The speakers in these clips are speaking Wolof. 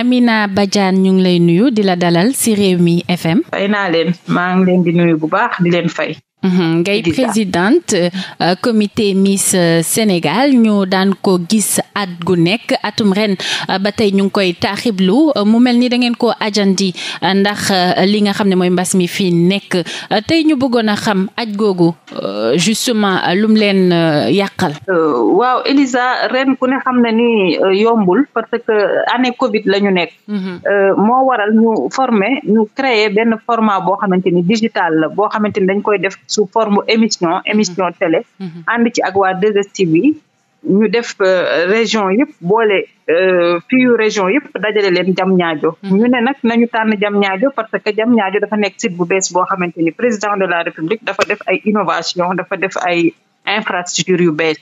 Amina Badiane ñu ngi lay nuyu di la dalal ci Rewmi FM. fay naa leen maa ngi leen di nuyu bu baax di leen fay. Mhm. ngay présidente euh, comité Miss euh, Sénégal ñu daan ko gis at gu nekk atum ren euh, ba tey ñu ngi koy taxiblu mu mel ni da ngeen koo ajandi ndax li nga xam ne mooy mbas mi fii nekk tey ñu bëggoon a xam aj googu justement lum leen yàqal. waaw Elisa ren ku ne xam na ni yombul parce que année Covid la ñu nekk. Mhm. moo waral ñu former ñu créer benn format boo xamante ni digital la boo xamante ni dañ koy def. sous forme émission émission mm-hmm. télé mm-hmm. ànd ci ak waa 2STV ñu def euh, région yëpp boole euh, fii région yëpp dajale leen jam ñaajo mm-hmm. ñu ne nag nañu tànn jam ñaajo parce que jam ñaajo dafa nekk site bu bees boo xamante ni président de la république dafa def ay innovation dafa def ay infrastructure yu bees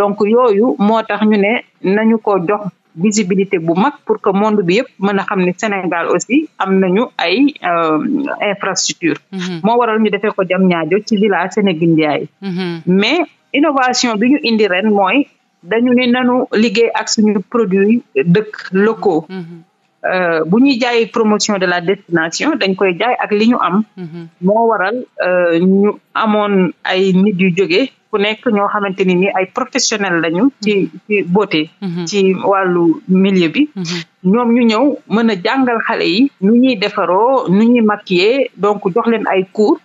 donc yooyu moo tax ñu ne nañu ko jox visibilité bu mag pour que monde bi yëpp mën xam ni Sénégal aussi am na nañu ay euh, infrastructure mhm. moo waral ñu defee ko jam ñaajo ci village Sénégindiaye mhm. mais innovation bi ñu indi ren mooy dañu ne nanu liggéey ak su suñu produit dëkk locaux mhm. Euh, bu ñuy jaay promotion de la destination dañ koy jaay ak li ñu am. Mhm. moo waral euh, ñu amoon ay nit yu jóge ku nekk ñoo xamante ni ni ay professionnel lañu. ci mhm. ci wàllu milieu bi. Mhm. ñoom ñu ñëw mën a jàngal xale yi nu ñuy defaroo nu ñuy maquiller donc jox leen ay cours.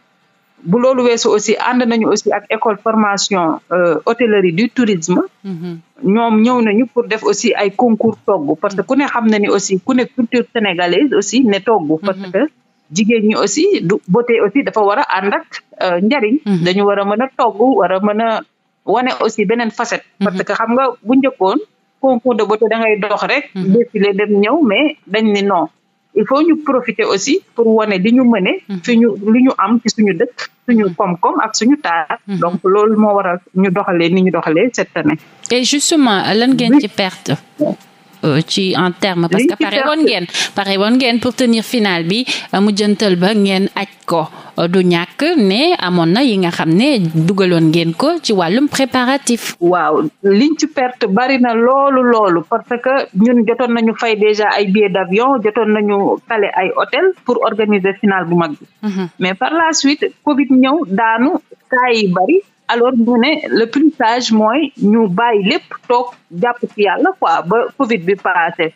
bu loolu weesu aussi ànd nañu aussi ak école formation euh, hôtellerie du tourisme. Mm-hmm. ñoom ñëw nañu pour def aussi ay concours togg parce que ku ne xam na ni aussi ku ne culture sénégalaise aussi ne togg. Mm-hmm. parce que jigéen ñi aussi du beauté aussi dafa war a ànd ak euh, njariñ. Mm-hmm. dañu war a mën a togg war a mën a wane aussi beneen facette. parce que xam nga bu njëkkoon concours de beauté da ngay dox rek. défilé dem ñëw mais dañ ni non. il faut ñu profiter aussi pour wane li ñu mëne mhm. suñu li ñu am ci suñu dëkk suñu mhm. koom-koom ak suñu taar mhm. donc loolu moo waral ñu doxalee ni ñu doxalee cette année et justement lan ngeen ci perte euh, ci en terme parce que pare woon ngeen pare woon ngeen pour tenir finale bi euh, mu jëntal ba ngeen aj ko Euh, du ñàkk ne amoon na yi nga xam ne dugaloon ngeen ko ci wàllum préparatif. waaw liñ ci perte bari na loolu loolu parce que ñun jotoon nañu fay déjà ay billets d'avion jotoon nañu kale ay hôtel pour organiser final bu mag bi. Mhm. mais par la suite Covid ñëw daanu saa bari. alors ñu ne le plus sage mooy ñu bàyyi lép toog jàpp ci yàlla quoi ba Covid bi passé.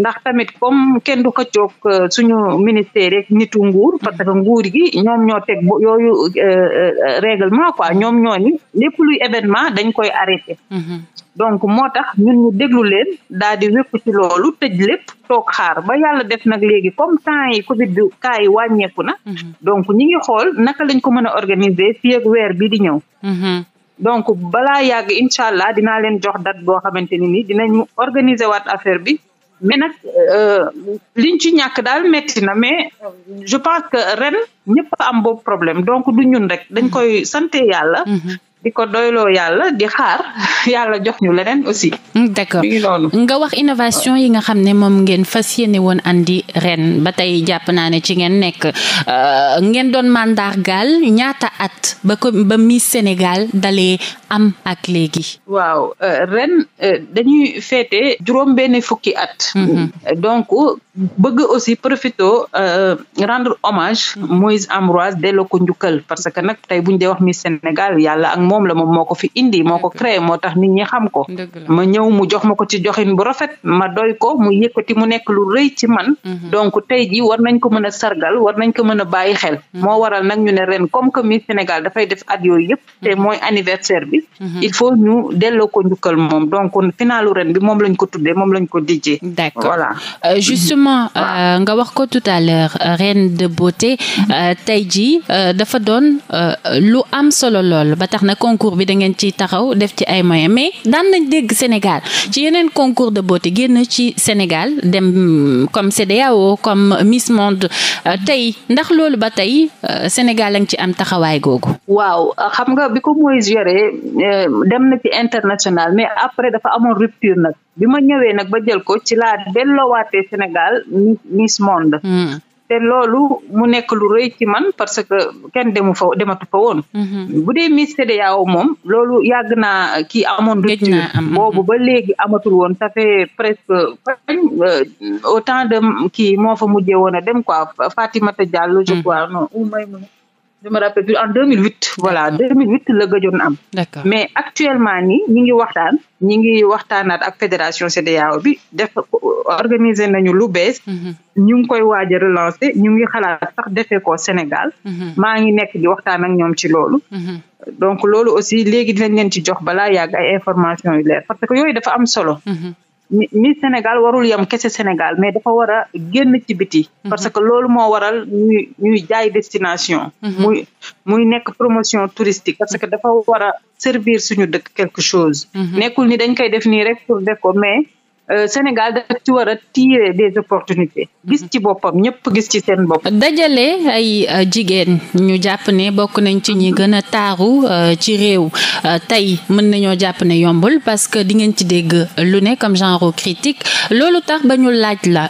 ndax tamit comme kenn du xëccoog euh, suñu ministère rek nitu nguur mm-hmm. parce que nguur gi ñoom ñoo teg yooyu euh, euh, règlement quoi ñoom ñoo ni lépp luy événement dañ koy arrêté mm-hmm. donc moo tax ñun ñu déglu leen daal di wékku ci loolu tëj lépp toog xaar ba yàlla def nag léegi comme temps yi covid bi cas yi wàññeeku na mm-hmm. donc ñi ngi xool naka lañ ko mën a organiser fii weer bi di ñëw donc balaa yàgg incha allah dinaa leen jox date boo xamante ni nii dinañ organiser waat affaire bi mais nag euh, liñ ci ñàkk daal metti na mais je pense que ren ñëpp am bo problème donc du ñun rek dañ koy sante yàlla mm-hmm. di ko doyloo yàlla di xaar yàlla jox ñu leneen aussi. Mm, d'accord nga wax innovation yi nga xam ne moom ngeen fas yéene woon andi ren ba tey jàpp naa ne ci ngeen nekk euh, ngeen doon mandargaal ñaata at ba ba Miss Sénégal dalee am ak léegi. waaw euh, ren euh, dañuy féete juróom benn fukki at. Mm-hmm. donc bëgg aussi profito rendre hommage mm-hmm. Moïse Ambroise delloo ko njukkal parce que nag tey buñ ñu wax Miss Sénégal yàlla ak moom la moom moo ko fi indi moo ko créé moo tax nit ñi xam ko ma ñëw mu jox ma ko ci joxin bu rafet ma doy ko mu yëkkati mu nekk lu rëy ci man mhm. donc tey ji war nañ ko mën a sargal war nañ ko mën a bàyyi xel mhm. moo waral nag ñu ne ren comme que Miss Sénégal dafay def at yooyu yëpp te mhm. mooy anniversaire bi il faut ñu delloo ko njukkal moom donc finalu ren bi moom lañ ko tuddee moom lañ ko dijjee euh, euh, nga wax ko tout à l'heure euh, reine de beauté tey ji dafa doon lu concours bi da ngeen ci taxaw def ci ay moyens mais daan nañ dégg Sénégal ci yeneen concours de beauté génn ci Sénégal dem mm, comme CEDEAO comme Miss Monde euh, tey ndax loolu ba tey euh, Sénégal lañ ci am taxawaay googu. waaw xam nga bi ko mooy gérer euh, dem na ci international mais après dafa amoon rupture nag bi ma ñëwee nag ba jël ko ci laa delloowaatee Sénégal Miss Monde. Hmm. te loolu mu nekk lu rëy ci man parce que kenn demu fa dematu fa woon. Mhm. bu dee Miss CEDEAO moom loolu yàgg naa kii amoon. rupture boobu mhm. ba léegi amatul woon ça fait presque euh, autant dem kii moo fa mujjee woon a dem quoi Fatimata Diallo je mhm. crois non ou Maïmouna je me rappelle plus en 2008 voilà 2008 la gëjoon am. mais actuellement nii ñi ngi waxtaan. ñi ngi waxtaanaat ak fédération CEDEAO bi def organiser nañu lu bees. Mhm. ñu ngi koy waaja relancé relancer ñu ngi xalaat sax defee ko Sénégal. Mhm. maa ngi nekk di waxtaan ak ñoom ci loolu. Mhm. donc loolu aussi léegi dinañ leen ci jox balaa yàgg ay information yu leer parce que yooyu dafa am solo. Miss Sénégal warul yam kese Sénégal mais dafa war a génn ci biti mhm. parce que loolu moo waral ñuy ñuy jaay destination mhm. muy muy nekk promotion touristique parce que dafa war a servir suñu dëkk quelque chose mhm. nekkul ni dañ koy def nii rek pour def mais Euh, Sénégal daf ci war a tirer des opportunités gis ci boppam ñëpp gis ci seen bopp. dajale ay euh, jigéen ñu jàpp ne bokk nañ ci ñi gën a taaru euh, ci réew tey mën nañoo jàpp ne yombul parce que di ci dégg lu ne comme genre critique loolu tax ba ñu laaj la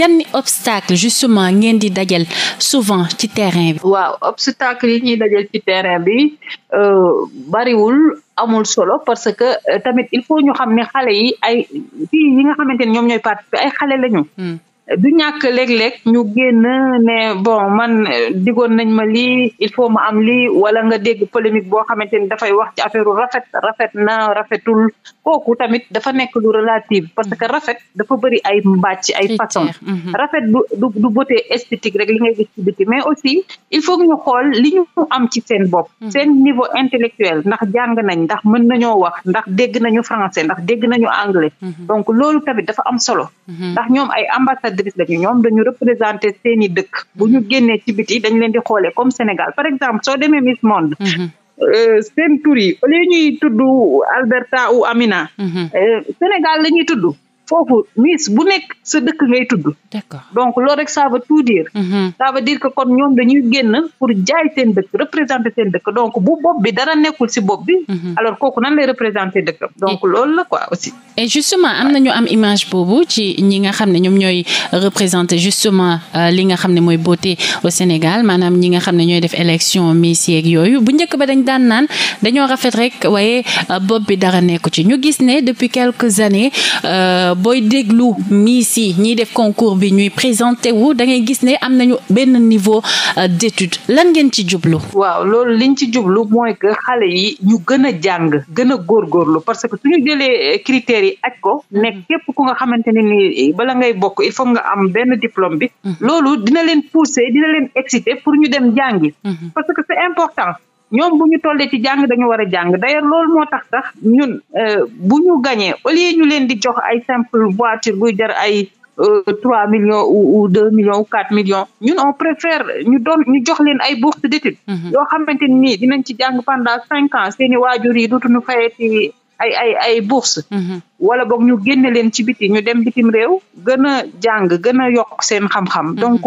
yan obstacle justement ngeen di dajal souvent ci terrain bi. waaw obstacle yi ñuy dajal ci terrain bi bariwul. amul solo parce que euh, tamit il faut ñu xam ne xale yi ay fii yi nga xamante ne ñoom ñooy participer ay xale la lañu hmm. du ñàkk léeg-léeg ñu génn ne bon man euh, digoon nañ ma lii il faut ma am lii wala nga dégg polémique boo xamante ni dafay wax ci affaire rafet rafet na rafetul kooku tamit dafa nekk lu relative parce que rafet dafa bëri ay mbàcc ay façon mhm. rafet du du du beauté esthétique rek li ngay gis ci biti mais aussi il faut ñu xool li ñu am ci seen bopp mhm. seen niveau intellectuel ndax jàng nañ ndax mën nañoo wax ndax dégg nañu français ndax dégg nañu anglais mhm. donc loolu tamit dafa am solo ambassadrice lañu ñoom dañu représenter seeni dëkk bu ñu génnee ci biti dañ leen di xoolee comme Sénégal par exemple soo demee Miss Monde mhm. euh, seen tur yi au Alberta ou Amina mhm. euh, Sénégal la ñuy tudd foofu Miss bu nekk sa dëkk ngay tudd. d'accord donc loolu rek ça veut tout dire. Mm-hmm. ça veut dire que kon ñoom dañuy génn pour jaay seen dëkk représenter seen dëkk donc bu bopp bi dara nekkul mm-hmm. ci bopp euh, li nga xam ne mooy beauté au Sénégal maanaam ñi nga xam ne ñooy def élection Miss yeeg yooyu bu njëkk ba dañ daan naan dañoo rafet rek waaye euh, bopp bi dara nekku ci ñu gis ne depuis quelques années. Euh, booy déglu miis yi ñiy def concours bi ñuy présenté wu da ngay gis ne am nañu benn niveau euh, d'étude lan ngeen ci jublu. waaw loolu liñ ci jublu mooy que xale yi ñu gën a jàng gën a góorlu parce que suñu jëlee euh, critères yi aj ko nekk mm-hmm. képp ku nga xamante ne ni eh, bala ngay bokk il faut nga am benn diplôme bi. Mm-hmm. loolu dina leen pousser dina leen exciter pour ñu dem jàngi. Mm-hmm. parce que c'est important. ñoom bu ñu tollee ci jàng dañu war a jàng d'ailleurs loolu moo tax sax ñun euh, bu ñu gañee au lieu ñu leen di jox ay simple voiture buy jar ay euh, trois millions ou deux millions ou quatre millions ñun on préfère ñu doon ñu jox leen ay bourse d'études mm-hmm. yoo xamante ni dinañ ci jàng pendant cinq ans seeni waajur yi dootuñu fayeti ay ay ay bourse mm-hmm. wala boog ñu génne leen ci biti ñu dem bitim réew gën a jàng gën a yokk seen xam-xam mm-hmm. donc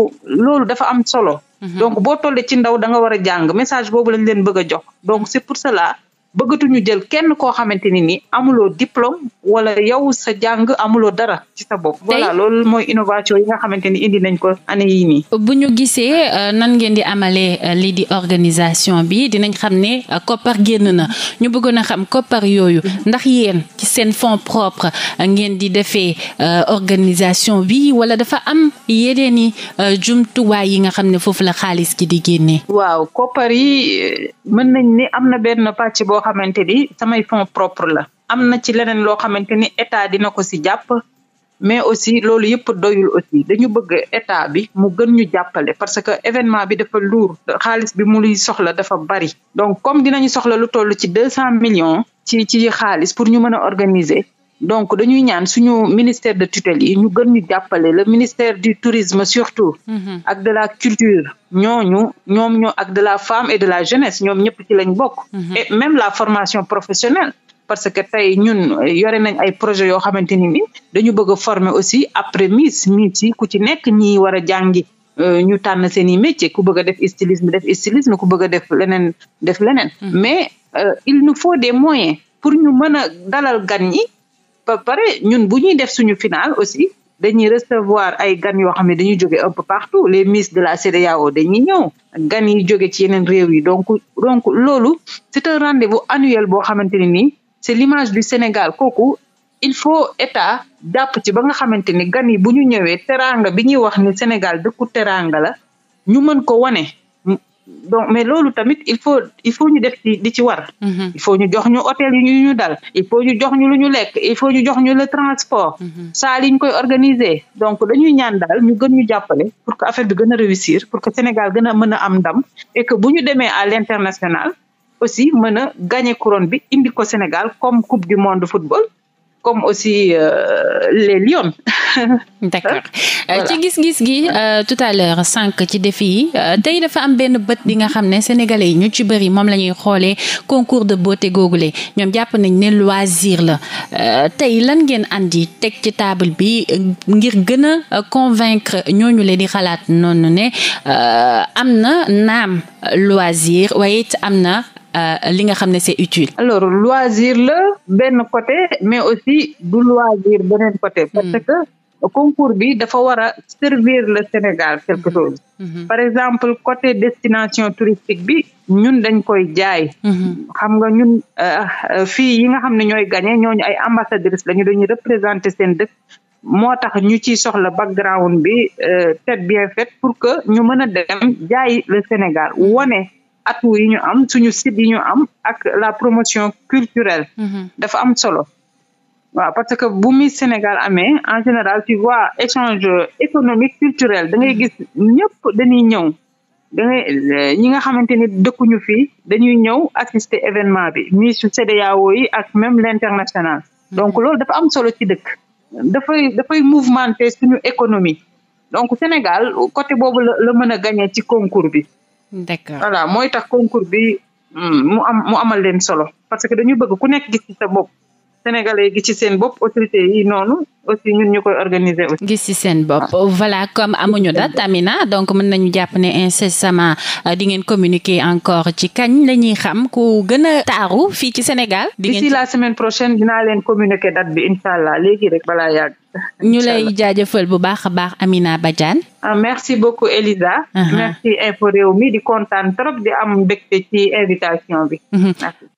loolu dafa am solo mm-hmm. donc boo tollee ci ndaw da nga war a jàng message boobu lañ leen bëgg a jox donc c'est pour cela ñu jël kenn koo xamante ni ni amuloo diplôme wala yow sa jàng amuloo dara ci sa bopp. voilà loolu mooy innovation yi nga xamante ni indi nañ ko année yii nii. bu ñu gisee euh, nan ngeen di amalee euh, lii di organisation bi dinañ xam ne euh, koppar génn na ñu bëggoon a xam koppar yooyu ndax yéen ci seen fonds propre ngeen di defee organisation bi wala dafa am yeneen i jumtuwaay yi nga xam ne foofu la xaalis gi di génnee. waaw koppar mën nañ ne am na benn pàcc boo xamante ni samay fonds propre la am na ci leneen loo xamante ni état dina ko si jàpp mais aussi loolu yëpp doyul aussi dañu bëgg état bi mu gën ñu jàppale parce que événement bi dafa luur xaalis bi mu luy soxla dafa bari donc comme dinañu soxla lu toll ci deux cent millions ci ci xaalis pour ñu mën a organiser donc dañuy ñaan suñu ministère de tutelle yi ñu gën ñu jàppale le ministère du tourisme surtout mhm. ak de la culture ñooñu ñoom ñoo ak de la femme et de la jeunesse ñoom ñëpp ci lañ bokk mhm. et même la formation professionnelle parce que tey ñun yore nañ ay projet yoo xamante ni dañu bëgg a former aussi après miss mi ci ku ci nekk ñi war a jàngi euh, ñu tànn seen i métier ku bëgg def stylisme def stylisme ku bëgg a def leneen def leneen mhm. mais euh, il nous faut des ba pare ñun bu ñuy def suñu final aussi dañuy recevoir ay gan yoo xam ne dañuy jóge un peu partout les ministres de la CEDEAO dañuy ñëw gan yi jóge ci yeneen réew yi donc donc loolu c'est un rendez-vous annuel boo xamante ne nii c'est l'image du Sénégal kooku il faut état jàpp ci ba nga xamante ni gan yi bu ñu ñëwee teraanga bi ñuy wax ni Sénégal dëkku teraanga la ñu mën ko wane donc mais loolu tamit il faut il faut ñu def di ci war. Mhm. il faut ñu jox ñu hôtel yu ñu dal il faut ñu jox ñu lu ñu lekk il faut ñu jox ñu le transport. Mhm. saal yi ñu koy organiser donc dañuy ñaan daal ñu gën ñu jàppale pour que affaire bi gën a réussir pour que Sénégal gën a mën a am ndam et bu ñu demee à l'international aussi mën a gagner couronne bi indi ko Sénégal comme coupe du monde football comme aussi euh, les Lions. d'accord euh, ci gis-gis gi euh, tout à l'heure sànq ci défi yi euh, tey dafa am benn bët bi nga xam ne sénégalais yi ñu ci bëri moom la ñuy xoolee concours de beauté googule ñoom jàpp nañ ne loisir la tey lan ngeen andi teg ci table bi ngir gën a convaincre ñooñu leen di xalaat noonu ne am na naam loisir waaye it am na li nga xam ne c'est utile. alors loisir la benn côté mais aussi du loisir beneen côté. Hmm. concours bi dafa war a servir le Sénégal quelque mhm. chose mhm. par exemple côté destination touristique bi ñun dañ koy jaay mhm. xam nga ñun euh, euh, fii yi nga xam ne ñooy gagné ñooñu ay ambassadrices lañu dañuy représenter seen dëkk moo tax ñu ciy soxla background bi euh, tête bien faite pour que ñu mën a dem jaay le Sénégal wone atu yi ñu am suñu site yi ñu am ak la promotion culturelle dafa am solo waaw parce que bu Miss Sénégal amee en général tu vois échange économique culturel da ngay gis ñëpp dañuy ñëw eh, ñi nga xamante ni dëkkuñu fii dañuy ñëw assister événement bi Miss CEDEAO yi ak même l'international donc loolu dafa am solo ci dëkk dafay dafay mouvementé suñu économie donc Sénégal côté boobu la la mën a gagné ci konkur bi d'accord voilà mooy tax concours bi hmm, mu am mu amal leen solo parce que dañu bëgg ku nekk gis ci sa bopp sénégalais gi ci seen bopp autorité yi noonu aussi ñun ñu koy organisé aussi. gis ci seen bopp voilà comme amuñu date Amina donc mën nañu jàpp ne incessamment euh, di dingeen communiqué encore ci kañ la ñuy xam ku gën a taaru fii ci Sénégal. di ngeen d'ici la semaine prochaine dinaa leen communiquer date bi incha allah léegi rek balaa yàgg. ñu lay jaajëfal bu baax a baax Amina Badiane. Ah, merci beaucoup Elisa. Uh-huh. merci Infos Rewmi di kontaan trop di am mbégte ci invitation bi. Uh-huh.